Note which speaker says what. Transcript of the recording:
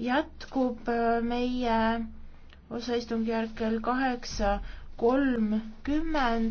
Speaker 1: jätkub äh, meie osaistungjärk kell kaheksa kolmkümmend.